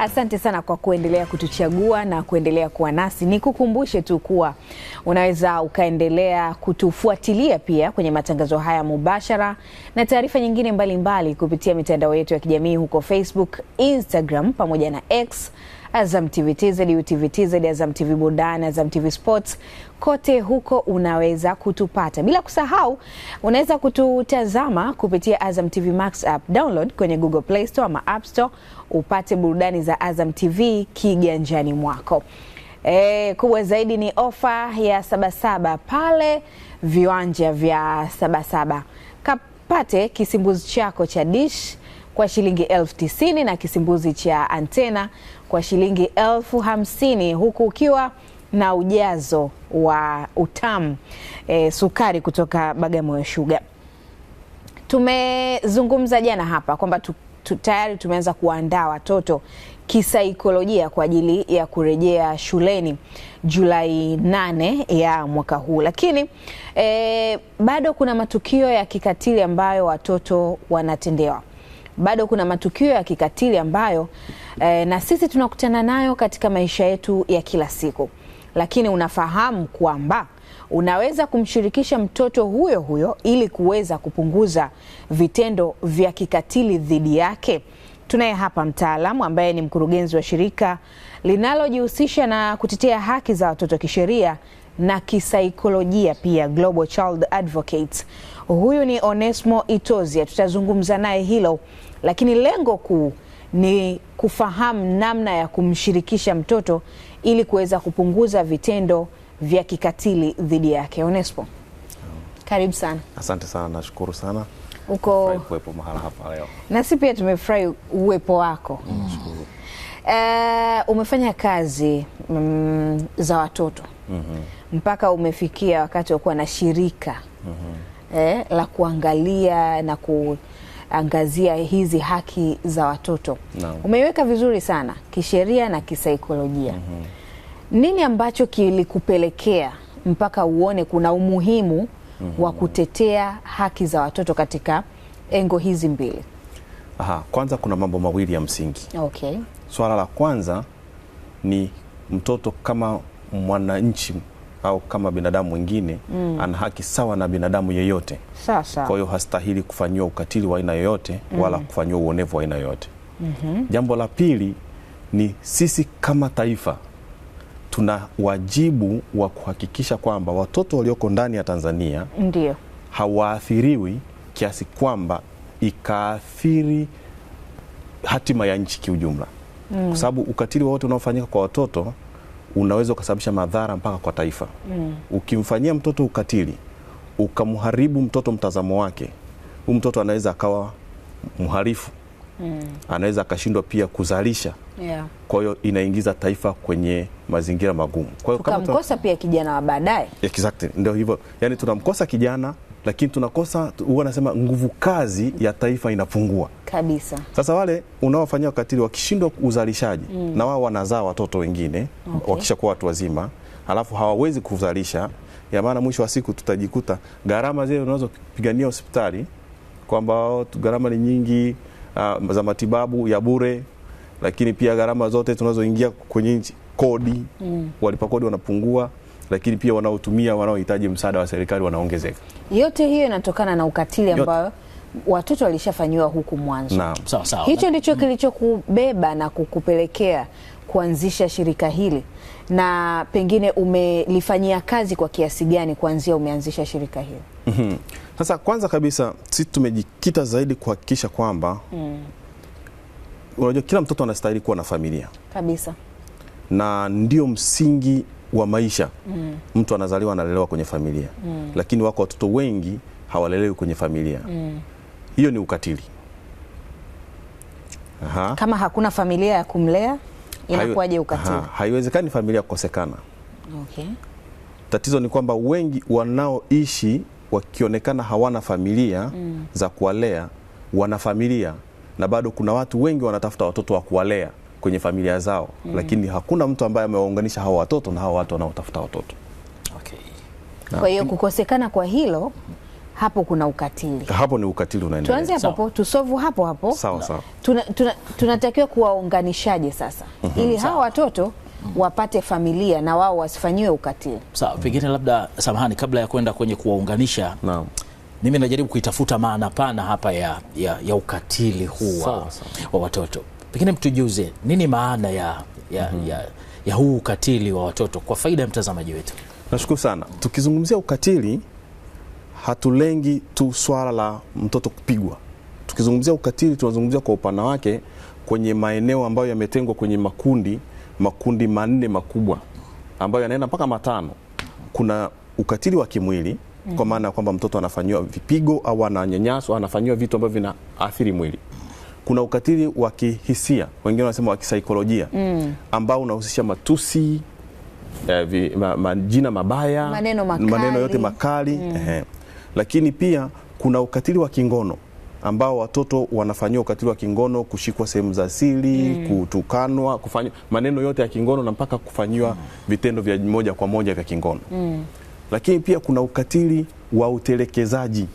Asante sana kwa kuendelea kutuchagua na kuendelea kuwa nasi. Nikukumbushe tu kuwa unaweza ukaendelea kutufuatilia pia kwenye matangazo haya mubashara na taarifa nyingine mbalimbali mbali kupitia mitandao yetu ya kijamii huko Facebook, Instagram pamoja na X Azam TV TZ, UTV TZ, Azam TV Burudani, Azam TV Sports, kote huko unaweza kutupata, bila kusahau unaweza kututazama kupitia Azam TV Max app. Download kwenye Google Play Store ama App Store upate burudani za Azam TV kiganjani mwako. E, kubwa zaidi ni ofa ya Sabasaba pale viwanja vya Sabasaba, kapate kisimbuzi chako cha dish kwa shilingi elfu tisini na kisimbuzi cha antena kwa shilingi elfu hamsini huku ukiwa na ujazo wa utamu e, sukari kutoka Bagamoyo shuga Tumezungumza jana hapa kwamba tayari tumeanza kuandaa watoto kisaikolojia kwa ajili ya kurejea shuleni Julai nane ya mwaka huu, lakini e, bado kuna matukio ya kikatili ambayo watoto wanatendewa bado kuna matukio ya kikatili ambayo eh, na sisi tunakutana nayo katika maisha yetu ya kila siku, lakini unafahamu kwamba unaweza kumshirikisha mtoto huyo huyo ili kuweza kupunguza vitendo vya kikatili dhidi yake. Tunaye hapa mtaalamu ambaye ni mkurugenzi wa shirika linalojihusisha na kutetea haki za watoto kisheria na kisaikolojia pia Global Child Advocates. Huyu ni Onesmo Itozia, tutazungumza naye hilo lakini lengo kuu ni kufahamu namna ya kumshirikisha mtoto ili kuweza kupunguza vitendo vya kikatili dhidi yake. Onespo, karibu sana. Asante sana, nashukuru sana uko kuwepo mahala hapa leo, nasi pia tumefurahi uwepo wako mm. Uh, umefanya kazi mm, za watoto mm -hmm. mpaka umefikia wakati wa kuwa na shirika mm -hmm. eh, la kuangalia na ku angazia hizi haki za watoto no. Umeiweka vizuri sana kisheria na kisaikolojia mm -hmm. Nini ambacho kilikupelekea mpaka uone kuna umuhimu mm -hmm. wa mhm. kutetea haki za watoto katika engo hizi mbili? Aha, kwanza kuna mambo mawili ya msingi okay. Swala la kwanza ni mtoto kama mwananchi au kama binadamu mwingine mm. ana haki sawa na binadamu yeyote. Sasa kwa hiyo hastahili kufanyiwa ukatili wa aina yoyote mm. wala kufanyiwa uonevu wa aina yoyote mm -hmm. Jambo la pili ni sisi kama taifa tuna wajibu wa kuhakikisha kwamba watoto walioko ndani ya Tanzania ndio hawaathiriwi kiasi kwamba ikaathiri hatima ya nchi kiujumla mm. kwa sababu ukatili wowote unaofanyika kwa watoto unaweza ukasababisha madhara mpaka kwa taifa mm. Ukimfanyia mtoto ukatili, ukamharibu mtoto mtazamo wake, huyu mtoto anaweza akawa mharifu mm. Anaweza akashindwa pia kuzalisha yeah. Kwa hiyo inaingiza taifa kwenye mazingira magumu. Kwa hiyo pia kijana wa baadaye. Exactly, ndio hivyo, yani tunamkosa kijana lakini tunakosa huwa nasema nguvu kazi ya taifa inapungua kabisa. Sasa wale unaofanyia ukatili wakishindwa uzalishaji mm. na wao wanazaa watoto wengine okay. wakishakuwa watu wazima halafu hawawezi kuzalisha, ya maana mwisho wa siku tutajikuta gharama zile unazopigania hospitali kwamba gharama ni nyingi uh, za matibabu ya bure, lakini pia gharama zote tunazoingia kwenye nchi kodi mm. walipa kodi wanapungua lakini pia wanaotumia wanaohitaji msaada wa serikali wanaongezeka. Yote hiyo inatokana na ukatili ambao watoto walishafanyiwa huku mwanzo. Sawa sawa, hicho ndicho kilichokubeba na kukupelekea kuanzisha shirika hili, na pengine umelifanyia kazi kwa kiasi gani kuanzia umeanzisha shirika hili? mm -hmm. Sasa kwanza kabisa sisi tumejikita zaidi kuhakikisha kwamba mm. Unajua, kila mtoto anastahili kuwa na familia kabisa, na ndio msingi wa maisha mm. Mtu anazaliwa analelewa kwenye familia mm. Lakini wako watoto wengi hawalelewi kwenye familia mm. Hiyo ni ukatili. Aha. Kama hakuna familia ya kumlea inakuwaje ukatili? Haiwezekani familia kukosekana. Okay. Tatizo ni kwamba wengi wanaoishi wakionekana hawana familia mm. za kuwalea wana familia na bado kuna watu wengi wanatafuta watoto wa kuwalea kwenye familia zao mm. Lakini hakuna mtu ambaye amewaunganisha hawa watoto na hawa watu wanaotafuta watoto okay. kwa hiyo kukosekana kwa hilo hapo kuna ukatili, hapo ni ukatili unaendelea. Tuanze hapo hapo, tusovu hapo hapo. Sawa sawa, tunatakiwa tuna, tuna kuwaunganishaje sasa mm -hmm. ili hawa watoto mhm. wapate familia na wao wasifanyiwe ukatili. Sawa, pengine labda, samahani, kabla ya kwenda kwenye kuwaunganisha, naam mimi najaribu kuitafuta maana pana hapa ya, ya, ya ukatili huu wa watoto pengine mtujuze nini maana ya, ya, mm -hmm. ya, ya huu ukatili wa watoto kwa faida ya mtazamaji wetu. Nashukuru sana. Tukizungumzia ukatili hatulengi tu swala la mtoto kupigwa. Tukizungumzia ukatili tunazungumzia kwa upana wake kwenye maeneo ambayo yametengwa kwenye makundi makundi manne makubwa ambayo yanaenda mpaka matano. Kuna ukatili wa kimwili kwa mhm. maana ya kwamba mtoto anafanyiwa vipigo au ananyanyaswa, anafanyiwa vitu ambavyo vinaathiri mwili kuna ukatili wa kihisia, wengine wanasema wa kisaikolojia mm. ambao unahusisha matusi eh, vi, ma, majina mabaya maneno, makali. maneno yote makali mm. eh, lakini pia kuna ukatili wa kingono ambao watoto wanafanyiwa ukatili wa kingono, kushikwa sehemu za siri mm. kutukanwa, kufanywa maneno yote ya kingono na mpaka kufanyiwa mm. vitendo vya moja kwa moja vya kingono mm. lakini pia kuna ukatili wa utelekezaji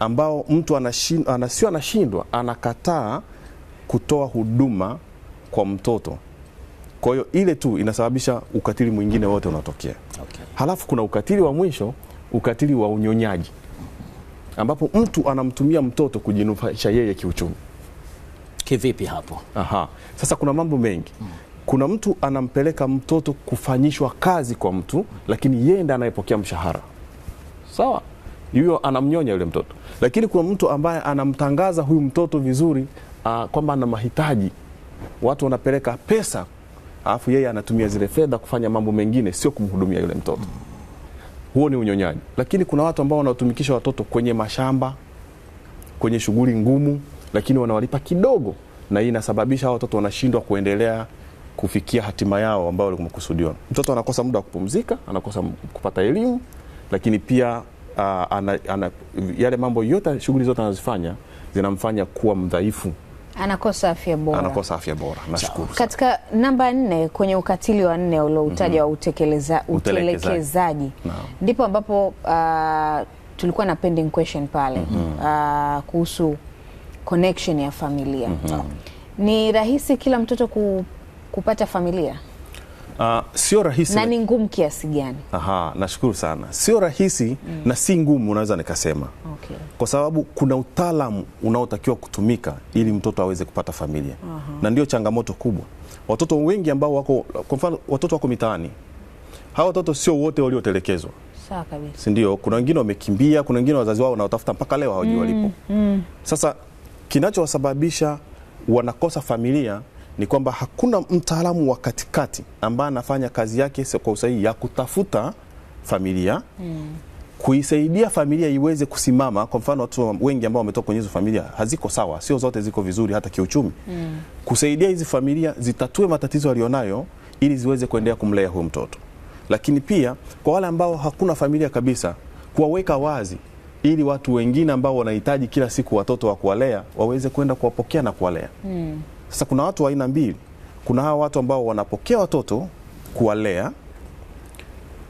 ambao mtu anashindwa, sio anashindwa, anakataa kutoa huduma kwa mtoto. Kwa hiyo ile tu inasababisha ukatili mwingine wote unatokea. Okay. Halafu kuna ukatili wa mwisho, ukatili wa unyonyaji ambapo mtu anamtumia mtoto kujinufaisha yeye kiuchumi. Kivipi hapo? Aha. Sasa kuna mambo mengi Kuna mtu anampeleka mtoto kufanyishwa kazi kwa mtu, lakini yeye ndiye anayepokea mshahara. Sawa? yuyo anamnyonya yule mtoto. Lakini kuna mtu ambaye anamtangaza huyu mtoto vizuri uh, kwamba ana mahitaji, watu wanapeleka pesa, alafu yeye anatumia zile fedha kufanya mambo mengine, sio kumhudumia yule mtoto. Huo ni unyonyaji. Lakini kuna watu ambao wanatumikisha watoto kwenye mashamba, kwenye shughuli ngumu, lakini wanawalipa kidogo, na hii inasababisha hao watoto wanashindwa kuendelea kufikia hatima yao ambayo walikuwa wamekusudiwa. Mtoto anakosa muda wa kupumzika, anakosa kupata elimu, lakini pia uh, ana, ana, yale mambo yote shughuli zote anazifanya zinamfanya kuwa mdhaifu anakosa afya bora, anakosa afya bora. Nashukuru katika namba nne kwenye ukatili wa nne ulioutaja wa mm -hmm. utekeleza, utelekezaji ndipo no. ambapo uh, tulikuwa na pending question pale mm -hmm. uh, kuhusu connection ya familia mm -hmm. no. ni rahisi kila mtoto ku, kupata familia Uh, sio rahisi na ni ngumu kiasi gani? Aha, nashukuru sana. Sio rahisi mm. na si ngumu, unaweza nikasema okay. Kwa sababu kuna utaalamu unaotakiwa kutumika ili mtoto aweze kupata familia uh -huh. Na ndio changamoto kubwa, watoto wengi ambao wako, kwa mfano watoto wako mitaani, hawa watoto sio wote waliotelekezwa, sawa kabisa, si ndio? Kuna wengine wamekimbia, kuna wengine wazazi wao wanaotafuta mpaka leo hawajui mm, walipo mm. mm. Sasa kinachowasababisha wanakosa familia ni kwamba hakuna mtaalamu wa katikati ambaye anafanya kazi yake kwa usahihi ya kutafuta familia mm. kuisaidia familia iweze kusimama. Kwa mfano, watu wengi ambao wametoka kwenye hizo familia haziko sawa, sio zote ziko vizuri hata kiuchumi mm. kusaidia hizi familia zitatue matatizo alionayo ili ziweze kuendelea kumlea huyo mtoto, lakini pia kwa wale ambao hakuna familia kabisa, kuwaweka wazi ili watu wengine ambao wanahitaji kila siku watoto wa kuwalea waweze kwenda kuwapokea na kuwalea mm. Sasa kuna watu wa aina mbili. Kuna hawa watu ambao wanapokea watoto kuwalea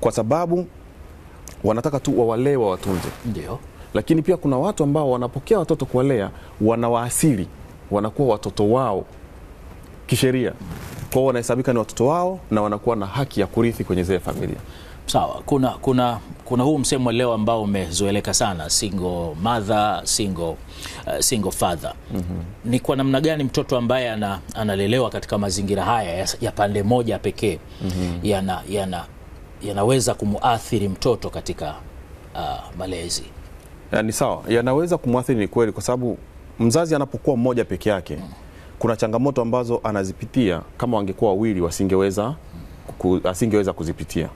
kwa sababu wanataka tu wawalee wawatunze, ndio. Lakini pia kuna watu ambao wanapokea watoto kuwalea, wanawaasili, wanakuwa watoto wao kisheria, kwao wanahesabika ni watoto wao na wanakuwa na haki ya kurithi kwenye zile familia. Sawa, kuna, kuna, kuna huu msemo wa leo ambao umezoeleka sana single mother, single, uh, single father. mm -hmm. Ni kwa namna gani mtoto ambaye ana, analelewa katika mazingira haya ya, ya pande moja pekee mm -hmm. yana, yana, yanaweza kumuathiri mtoto katika uh, malezi? Ni sawa, yanaweza kumwathiri, ni kweli, kwa sababu mzazi anapokuwa mmoja peke yake mm. kuna changamoto ambazo anazipitia, kama wangekuwa wawili wasingeweza asingeweza kuzipitia.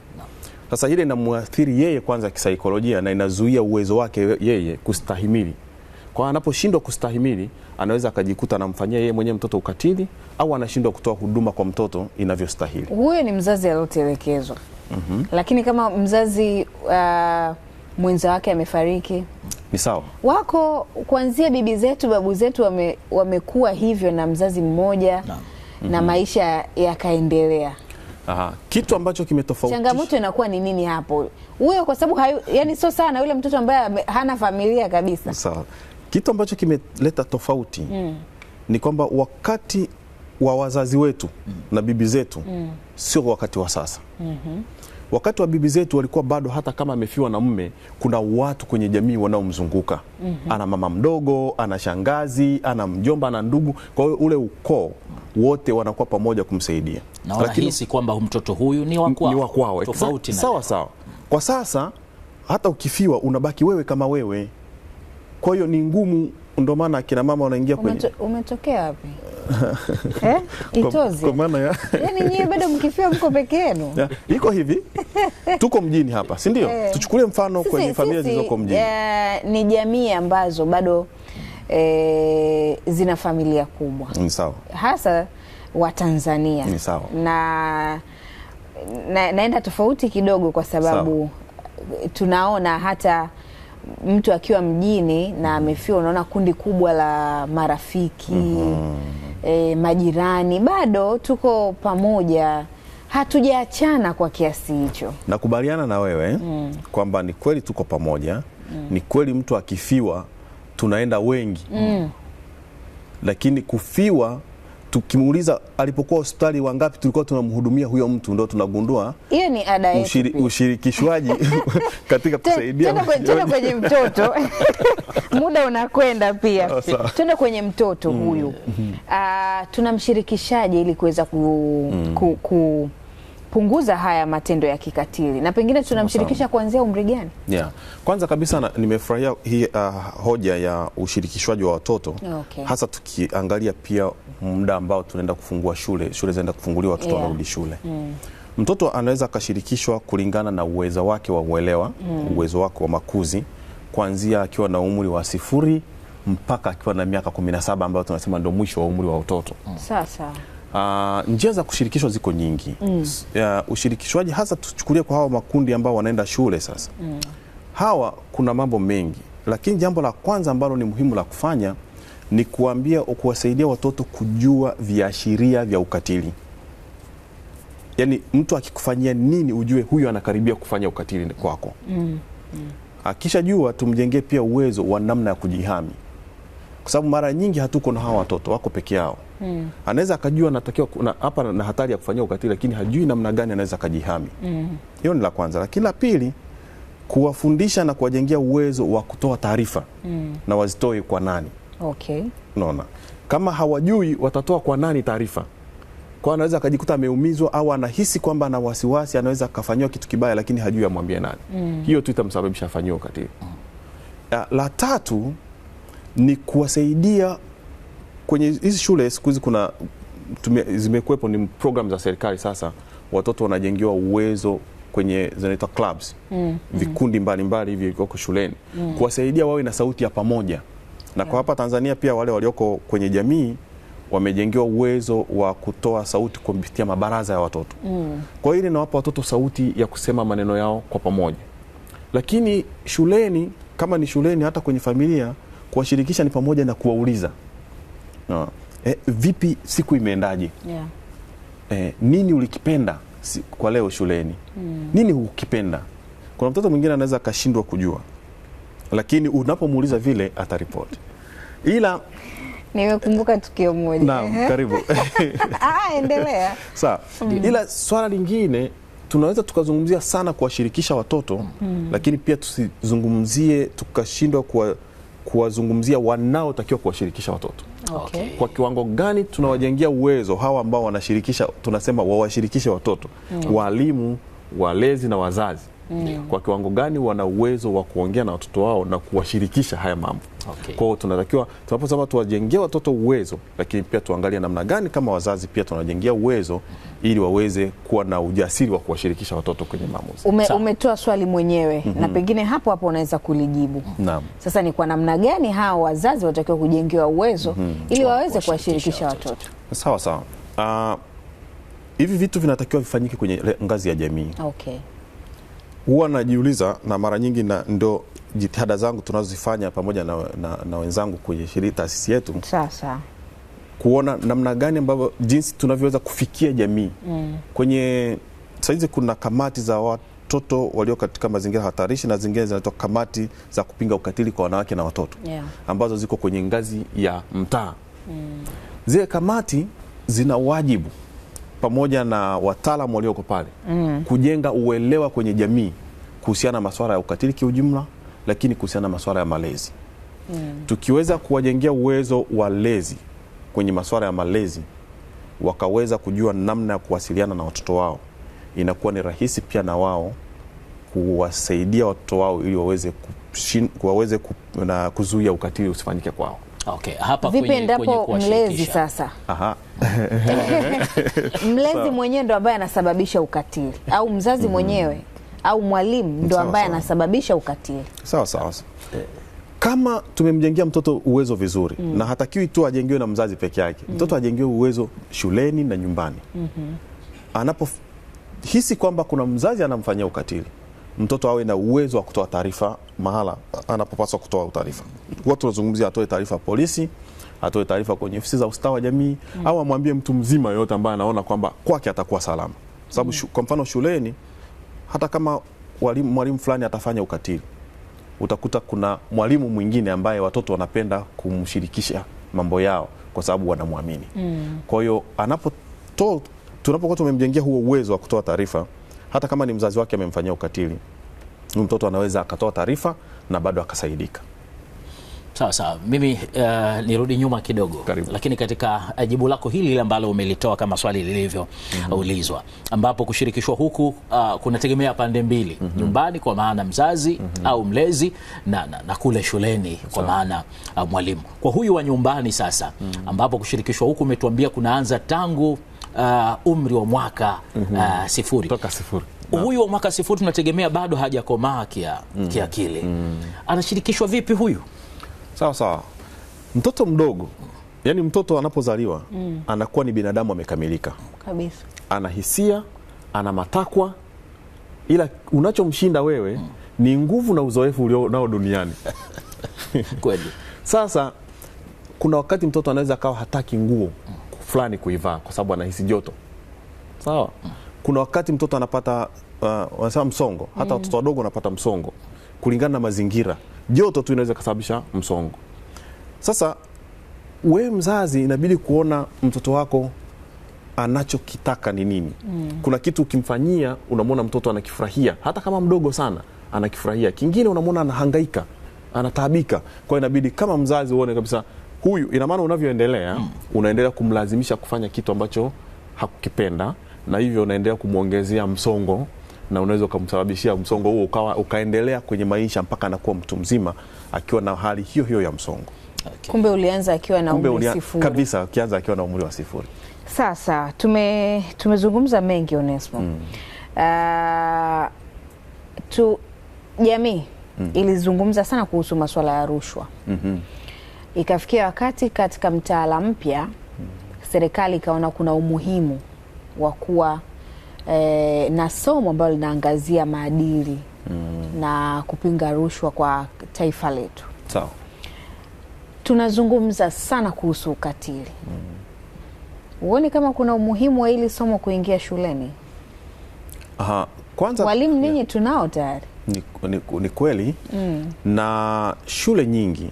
Sasa ile inamwathiri yeye kwanza kisaikolojia na inazuia uwezo wake yeye kustahimili kwa anaposhindwa kustahimili anaweza akajikuta anamfanyia yeye mwenyewe mtoto ukatili au anashindwa kutoa huduma kwa mtoto inavyostahili. Huyo ni mzazi aliotelekezwa. mm -hmm. Lakini kama mzazi uh, mwenza wake amefariki, ni sawa. Wako kuanzia bibi zetu babu zetu wame, wamekuwa hivyo na mzazi mmoja na, mm -hmm. na maisha yakaendelea Aha. Kitu ambacho kimetofautisha. Changamoto inakuwa ni nini hapo? Huyo kwa sababu yani sio sana yule mtoto ambaye hana familia kabisa. Sawa. Kitu ambacho kimeleta tofauti mm. ni kwamba wakati wa wazazi wetu mm. na bibi zetu mm. sio wakati wa sasa. Mm -hmm wakati wa bibi zetu walikuwa bado, hata kama amefiwa na mume kuna watu kwenye jamii wanaomzunguka mm -hmm. ana mama mdogo, ana shangazi, ana mjomba, ana ndugu. Kwa hiyo ule ukoo wote wanakuwa pamoja kumsaidia, na wanahisi kwamba mtoto huyu ni wa kwao, tofauti na sawa sawa. Kwa sasa hata ukifiwa unabaki wewe kama wewe, kwa hiyo ni ngumu ndio maana akina mama wanaingia kwenye. Umetokea wapi? Eh, Itoze. Kwa maana ya yani nyie bado mkifia mko peke yenu. Iko hivi. Tuko mjini hapa, si ndio? Eh. Tuchukulie mfano sisi, kwenye familia zilizoko mjini. Uh, ni jamii ambazo bado eh, zina familia kubwa. Ni sawa. Hasa wa Tanzania. Ni sawa. Na, na naenda tofauti kidogo kwa sababu sawa. Tunaona hata mtu akiwa mjini na amefia, unaona kundi kubwa la marafiki mm -hmm. e, majirani, bado tuko pamoja, hatujaachana kwa kiasi hicho. Nakubaliana na wewe mm. kwamba ni kweli tuko pamoja mm. ni kweli mtu akifiwa tunaenda wengi mm. lakini kufiwa tukimuuliza alipokuwa hospitali wangapi tulikuwa tunamhudumia huyo mtu, ndo tunagundua hiyo ni ada ushiri, ushirikishwaji katika kusaidia. tena kwenye mtoto muda unakwenda pia, oh, twende kwenye mtoto mm. huyu mm. Uh, tunamshirikishaje ili kuweza ku, mm. ku, ku kupunguza haya matendo ya kikatili na pengine tunamshirikisha kuanzia umri gani? Yeah. Kwanza kabisa nimefurahia hii uh, hoja ya ushirikishwaji wa watoto okay. Hasa tukiangalia pia muda ambao tunaenda kufungua shule, shule zinaenda kufunguliwa, watoto wanarudi yeah. shule mm. Mtoto anaweza akashirikishwa kulingana na uwezo wake wa uelewa mm. uwezo wake wa makuzi kuanzia akiwa na umri wa sifuri mpaka akiwa na miaka 17 ambayo tunasema ndio mwisho wa umri wa utoto mm. Sasa Uh, njia za kushirikishwa ziko nyingi mm. Uh, ushirikishwaji hasa tuchukulie kwa hawa makundi ambao wanaenda shule sasa mm. Hawa kuna mambo mengi, lakini jambo la kwanza ambalo ni muhimu la kufanya ni kuambia kuwasaidia watoto kujua viashiria vya ukatili, yaani mtu akikufanyia nini ujue huyo anakaribia kufanya ukatili kwako mm. mm. Akishajua tumjengee pia uwezo wa namna ya kujihami kwa sababu mara nyingi hatuko na hawa watoto, wako peke yao mm. Anaweza akajua anatakiwa hapa na, na hatari ya kufanyia ukatili, lakini hajui namna gani anaweza akajihami. Hmm. Hiyo mm. ni la kwanza, lakini la pili kuwafundisha na kuwajengea uwezo wa kutoa taarifa mm. na wazitoe kwa nani. Okay. Unaona, kama hawajui watatoa kwa nani taarifa kwa anaweza akajikuta ameumizwa au anahisi kwamba ana wasiwasi, anaweza akafanyiwa kitu kibaya, lakini hajui amwambie nani mm. hiyo tu itamsababisha afanyiwe ukatili. La tatu ni kuwasaidia kwenye hizi shule. Siku hizi kuna zimekuwepo ni program za serikali, sasa watoto wanajengiwa uwezo kwenye zinaitwa clubs mm, mm, vikundi mbalimbali hivi vilivyoko shuleni mm, kuwasaidia wawe na sauti ya pamoja na kwa hapa Tanzania pia wale walioko kwenye jamii wamejengewa uwezo wa kutoa sauti kupitia mabaraza ya watoto mm. Kwa hiyo ile watoto sauti ya kusema maneno yao kwa pamoja, lakini shuleni, kama ni shuleni, hata kwenye familia Kuwashirikisha ni pamoja na kuwauliza no. E, vipi siku imeendaje? yeah. E, nini ulikipenda kwa leo shuleni? mm. Nini hukipenda? Kuna mtoto mwingine anaweza akashindwa kujua, lakini unapomuuliza vile ataripoti, ila nimekumbuka tukio moja. Naam, karibu ah, endelea. Sawa. Mm. Ila swala lingine tunaweza tukazungumzia sana kuwashirikisha watoto mm. lakini pia tusizungumzie tukashindwa kuwa kuwazungumzia wanaotakiwa kuwashirikisha watoto okay. Kwa kiwango gani tunawajengea uwezo hawa ambao wanashirikisha, tunasema wawashirikishe watoto mm. Walimu, walezi na wazazi mm. kwa kiwango gani wana uwezo wa kuongea na watoto wao na kuwashirikisha haya mambo okay. Kwa hiyo tunatakiwa tunaposema tuwajengee watoto uwezo, lakini pia tuangalie namna gani kama wazazi pia tunajengea uwezo ili waweze kuwa na ujasiri wa kuwashirikisha watoto kwenye maamuzi. Ume, umetoa swali mwenyewe mm -hmm. na pengine hapo hapo unaweza kulijibu. Naam. Sasa ni kwa namna gani hawa wazazi watakiwa kujengewa uwezo mm -hmm. ili waweze kuwashirikisha watoto? Sawa sawa. Uh, hivi vitu vinatakiwa vifanyike kwenye ngazi ya jamii. Okay huwa najiuliza na mara nyingi na ndo jitihada zangu tunazozifanya pamoja na, na, na wenzangu kwenye shirika taasisi yetu sasa kuona namna gani ambavyo jinsi tunavyoweza kufikia jamii mm. kwenye saizi kuna kamati za watoto walio katika mazingira hatarishi na zingine zinaitwa kamati za kupinga ukatili kwa wanawake na watoto yeah. ambazo ziko kwenye ngazi ya mtaa mm. zile kamati zina wajibu pamoja na wataalamu walioko pale mm. kujenga uelewa kwenye jamii kuhusiana na masuala ya ukatili kiujumla, lakini kuhusiana na masuala ya malezi mm. tukiweza kuwajengea uwezo walezi kwenye masuala ya malezi, wakaweza kujua namna ya kuwasiliana na watoto wao, inakuwa ni rahisi pia na wao kuwasaidia watoto wao ili waweze kuzuia ukatili usifanyike kwao. Okay, hapa vipi endapo mlezi sasa mlezi mwenyewe ndo ambaye anasababisha ukatili au mzazi mm-hmm. mwenyewe au mwalimu ndo ambaye anasababisha ukatili? Sawa sawa kama tumemjengea mtoto uwezo vizuri mm. na hatakiwi tu ajengiwe na mzazi peke yake mm. mtoto ajengiwe uwezo shuleni na nyumbani mm -hmm. anapohisi kwamba kuna mzazi anamfanyia ukatili mtoto awe na uwezo wa kutoa taarifa mahala anapopaswa kutoa taarifa. Wote tunazungumzia atoe taarifa polisi, atoe taarifa kwenye ofisi za ustawi wa jamii mm. au amwambie mtu mzima yoyote ambaye anaona kwamba kwake atakuwa salama, sababu mm. kwa mfano shuleni, hata kama mwalimu fulani atafanya ukatili, utakuta kuna mwalimu mwingine ambaye watoto wanapenda kumshirikisha mambo yao kwa sababu wanamwamini mm. kwa hiyo anapotoa, tunapokuwa tumemjengea huo uwezo wa kutoa taarifa hata kama ni mzazi wake amemfanyia ukatili, mtoto anaweza akatoa taarifa na bado akasaidika. Sawa sawa, mimi uh, nirudi nyuma kidogo Karibu. Lakini katika eh, jibu lako hili lile ambalo umelitoa kama swali lilivyoulizwa mhm. eh, mm -hmm. ambapo kushirikishwa huku uh, kunategemea pande mbili mm -hmm. nyumbani kwa maana mzazi mm -hmm. au mlezi na, na, na kule shuleni kwa maana uh, mwalimu. Kwa huyu wa nyumbani sasa mm -hmm. ambapo kushirikishwa huku umetuambia kunaanza tangu uh, umri wa mwaka mm -hmm. uh, sifuri. Toka sifuri huyu wa mwaka sifuri tunategemea bado hajakomaa kia, mm. kiakili mm. anashirikishwa vipi huyu? Sawa sawa, mtoto mdogo, yani mtoto anapozaliwa mm. anakuwa ni binadamu amekamilika kabisa, ana hisia, ana matakwa, ila unachomshinda wewe mm. ni nguvu na uzoefu ulio nao duniani kweli. Sasa kuna wakati mtoto anaweza akawa hataki nguo mm fulani kuivaa kwa sababu anahisi joto sawa. Kuna wakati mtoto anapata uh, wanasema msongo, hata mm. watoto mm. wadogo wanapata msongo kulingana na mazingira. Joto tu inaweza kusababisha msongo. Sasa we mzazi, inabidi kuona mtoto wako anachokitaka ni nini. mm. Kuna kitu ukimfanyia unamwona mtoto anakifurahia, hata kama mdogo sana anakifurahia. Kingine unamwona anahangaika, anataabika. Kwa hiyo inabidi kama mzazi uone kabisa huyu, ina maana unavyoendelea mm. unaendelea kumlazimisha kufanya kitu ambacho hakukipenda na hivyo unaendelea kumwongezea msongo na unaweza ukamsababishia msongo huo ukawa ukaendelea kwenye maisha mpaka anakuwa mtu mzima akiwa na hali hiyo hiyo ya msongo. Okay. Kumbe ulianza akiwa na umri ulia, sifuri. Kabisa, ukianza akiwa na umri wa sifuri. Sasa tume tumezungumza mengi Onesmo. Mm. Uh, tu jamii mm. ilizungumza sana kuhusu masuala ya rushwa. Mm -hmm. Ikafikia wakati katika mtaala mpya serikali ikaona kuna umuhimu wa kuwa e, na somo ambalo linaangazia maadili mm. na kupinga rushwa kwa taifa letu. so. Tunazungumza sana kuhusu ukatili mm. kama kuna umuhimu wa hili somo kuingia shuleni? Aha. Kwanza, walimu ninyi tunao tayari. Ni, ni, ni kweli mm. na shule nyingi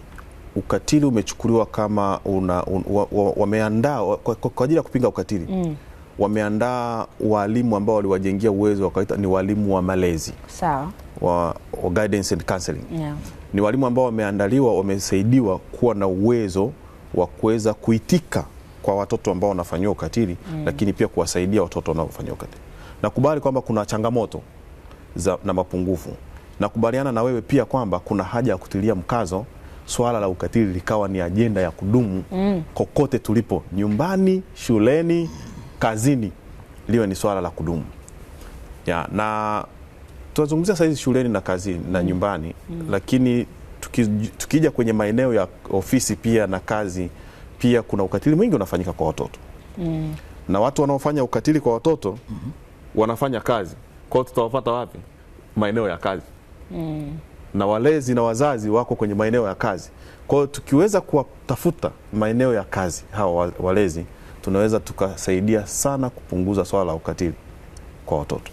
ukatili umechukuliwa kama una, un, wa, wa, wameandaa kwa, kwa ajili ya kupinga ukatili mm. Wameandaa walimu ambao waliwajengea uwezo wakaita ni walimu wa malezi sawa, wa, wa guidance and counseling yeah. Ni walimu ambao wameandaliwa, wamesaidiwa kuwa na uwezo wa kuweza kuitika kwa watoto ambao wanafanyiwa ukatili mm. Lakini pia kuwasaidia watoto wanaofanyiwa ukatili. Nakubali kwamba kuna changamoto za, na mapungufu. Nakubaliana na wewe pia kwamba kuna haja ya kutilia mkazo swala la ukatili likawa ni ajenda ya kudumu mm. kokote tulipo, nyumbani, shuleni, kazini, liwe ni swala la kudumu ya, na tunazungumzia saa shuleni na kazini na mm. nyumbani mm. lakini tuki, tukija kwenye maeneo ya ofisi pia na kazi pia kuna ukatili mwingi unafanyika kwa watoto mm. na watu wanaofanya ukatili kwa watoto mm -hmm. wanafanya kazi kwao, tutawapata wapi? Maeneo ya kazi mm na walezi na wazazi wako kwenye maeneo ya kazi. Kwa hiyo tukiweza kuwatafuta maeneo ya kazi hawa walezi, tunaweza tukasaidia sana kupunguza swala la ukatili kwa watoto.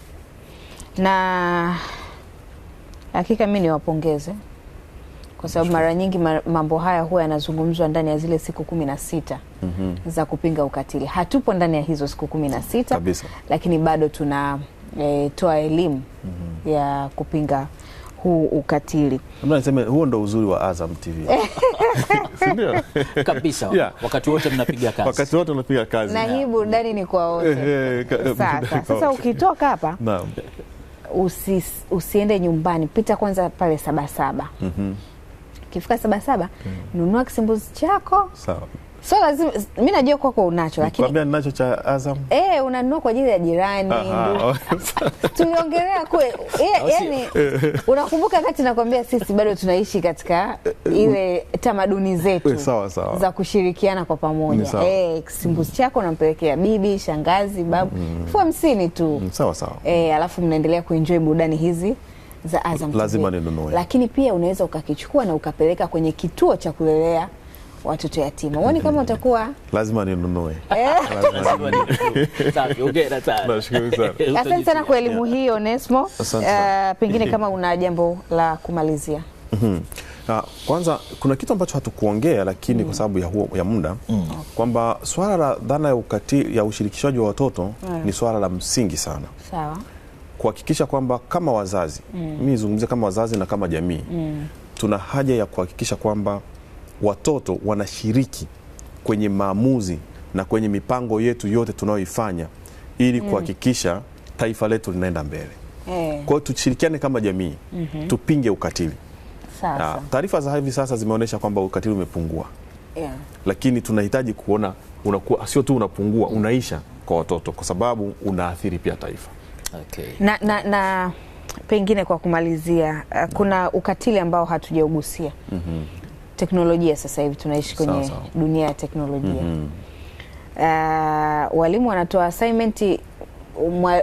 Na hakika mimi niwapongeze kwa sababu mara nyingi mambo haya huwa yanazungumzwa ndani ya zile siku kumi na sita mm -hmm. za kupinga ukatili. Hatupo ndani ya hizo siku kumi na sita kabisa, lakini bado tunatoa eh, e, elimu mm -hmm. ya kupinga huu ukatili. Niseme huo ndo uzuri wa Azam TV sindio? Kabisa, yeah. Wakati wote mnapiga kazi, wakati wote mnapiga kazi na hii burudani ni kwa wote. Sasa sasa ukitoka hapa usi, usiende nyumbani, pita kwanza pale Sabasaba. mm -hmm. Kifika Sabasaba mm -hmm. nunua kisimbuzi chako sawa so lazima mimi najua kwako unacho, lakini kwambia ninacho cha Azam eh, unanunua kwa ajili ya jirani. Oh. Tuliongelea kule eh, yani, unakumbuka kati nakwambia sisi bado tunaishi katika ile tamaduni zetu eh, sawa sawa za kushirikiana kwa pamoja eh, kisimbuzi chako unampelekea bibi, shangazi, babu mm. elfu hamsini tu mm, sawa sawa eh, alafu mnaendelea kuenjoy burudani hizi za Azam, lazima ninunue, lakini pia unaweza ukakichukua na ukapeleka kwenye kituo cha kulelea watoto yatima. uoni kama utakuwa lazima ninunue. Eh? sana, asante sana kwa elimu hii Onesmo. Uh, pengine kama una jambo la kumalizia. Mhm. Ah, kwanza kuna kitu ambacho hatukuongea lakini mm. kwa sababu ya, ya muda mm. kwamba swala la dhana ya, ukati, ya ushirikishaji wa watoto mm. ni swala la msingi sana. Sawa. Kuhakikisha kwamba kama wazazi mm. mimi nizungumzia kama wazazi na kama jamii mm. tuna haja ya kuhakikisha kwamba watoto wanashiriki kwenye maamuzi na kwenye mipango yetu yote tunayoifanya ili mm. kuhakikisha taifa letu linaenda mbele hey. Eh. Kwa hiyo tushirikiane kama jamii mm -hmm. tupinge ukatili. Ah, taarifa za hivi sasa zimeonyesha kwamba ukatili umepungua yeah. Lakini tunahitaji kuona unakuwa sio tu unapungua, mm. unaisha kwa watoto, kwa sababu unaathiri pia taifa okay. na, na, na pengine kwa kumalizia, eh, kuna ukatili ambao hatujaugusia mm -hmm teknolojia sasa hivi tunaishi kwenye sao, sao. dunia ya teknolojia mm -hmm. uh, walimu wanatoa assignment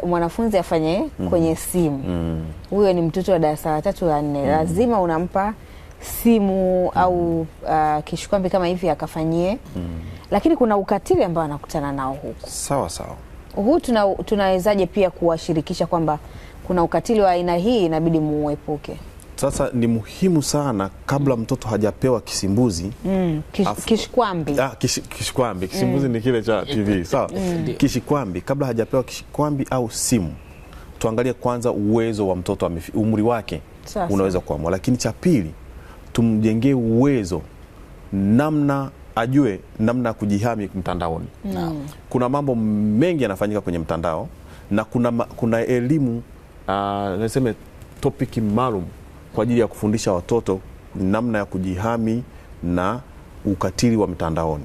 mwanafunzi afanye mm -hmm. kwenye simu mm huyo -hmm. ni mtoto wa darasa la tatu la nne mm -hmm. lazima unampa simu mm -hmm. au mm-hmm. uh, kishikwambi kama hivi akafanyie mm -hmm. lakini kuna ukatili ambao anakutana nao huku sawa sawa huu tuna, tunawezaje pia kuwashirikisha kwamba kuna ukatili wa aina hii inabidi muuepuke sasa ni muhimu sana kabla mtoto hajapewa kisimbuzi mm, kish, afu, kishikwambi. Ah, kish, kishikwambi kisimbuzi mm. ni kile cha mm. TV sawa mm. kishikwambi, kabla hajapewa kishikwambi au simu, tuangalie kwanza uwezo wa mtoto, umri wake sasa unaweza kuamua, lakini cha pili tumjengee uwezo, namna ajue namna ya kujihami mtandaoni mm. kuna mambo mengi yanafanyika kwenye mtandao na kuna, kuna elimu uh, ah, naseme topiki maalum kwa ajili ya kufundisha watoto namna ya kujihami na ukatili wa mtandaoni.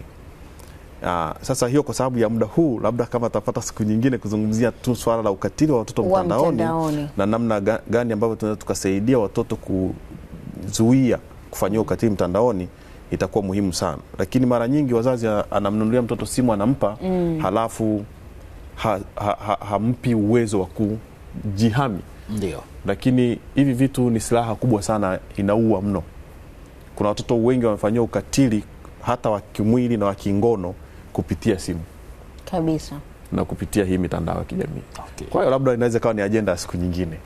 Aa, ah, sasa hiyo kwa sababu ya muda huu, labda kama tutapata siku nyingine kuzungumzia tu swala la ukatili wa watoto mtandaoni, mtandaoni na namna gani ambavyo tunaweza tukasaidia watoto kuzuia kufanyiwa ukatili mtandaoni itakuwa muhimu sana, lakini mara nyingi wazazi anamnunulia mtoto simu anampa, mm. halafu hampi ha, ha, ha, uwezo wa kujihami ndio lakini hivi vitu ni silaha kubwa sana, inaua mno. Kuna watoto wengi wamefanyiwa ukatili hata wa kimwili na wa kingono kupitia simu kabisa na kupitia hii mitandao ya kijamii okay. Kwa hiyo labda inaweza ikawa ni ajenda ya siku nyingine.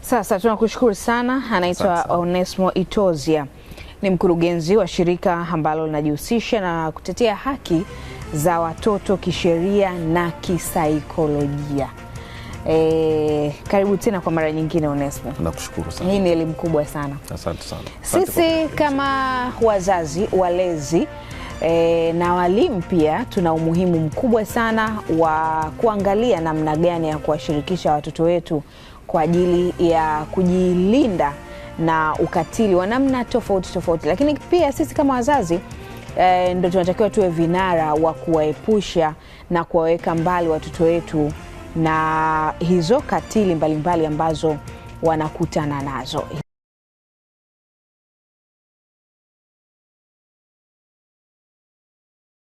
Sasa tunakushukuru sana. Anaitwa Onesmo Itozia, ni mkurugenzi wa shirika ambalo linajihusisha na kutetea haki za watoto kisheria na kisaikolojia. E, karibu tena kwa mara nyingine Onesmo. Nakushukuru sana. Hii ni elimu kubwa sana. Asante sana. sisi kama wazazi walezi E, na walimu pia tuna umuhimu mkubwa sana wa kuangalia namna gani ya kuwashirikisha watoto wetu kwa ajili ya kujilinda na ukatili wa namna tofauti tofauti, lakini pia sisi kama wazazi e, eh, ndo tunatakiwa tuwe vinara wa kuwaepusha na kuwaweka mbali watoto wetu na hizo katili mbalimbali mbali ambazo wanakutana nazo.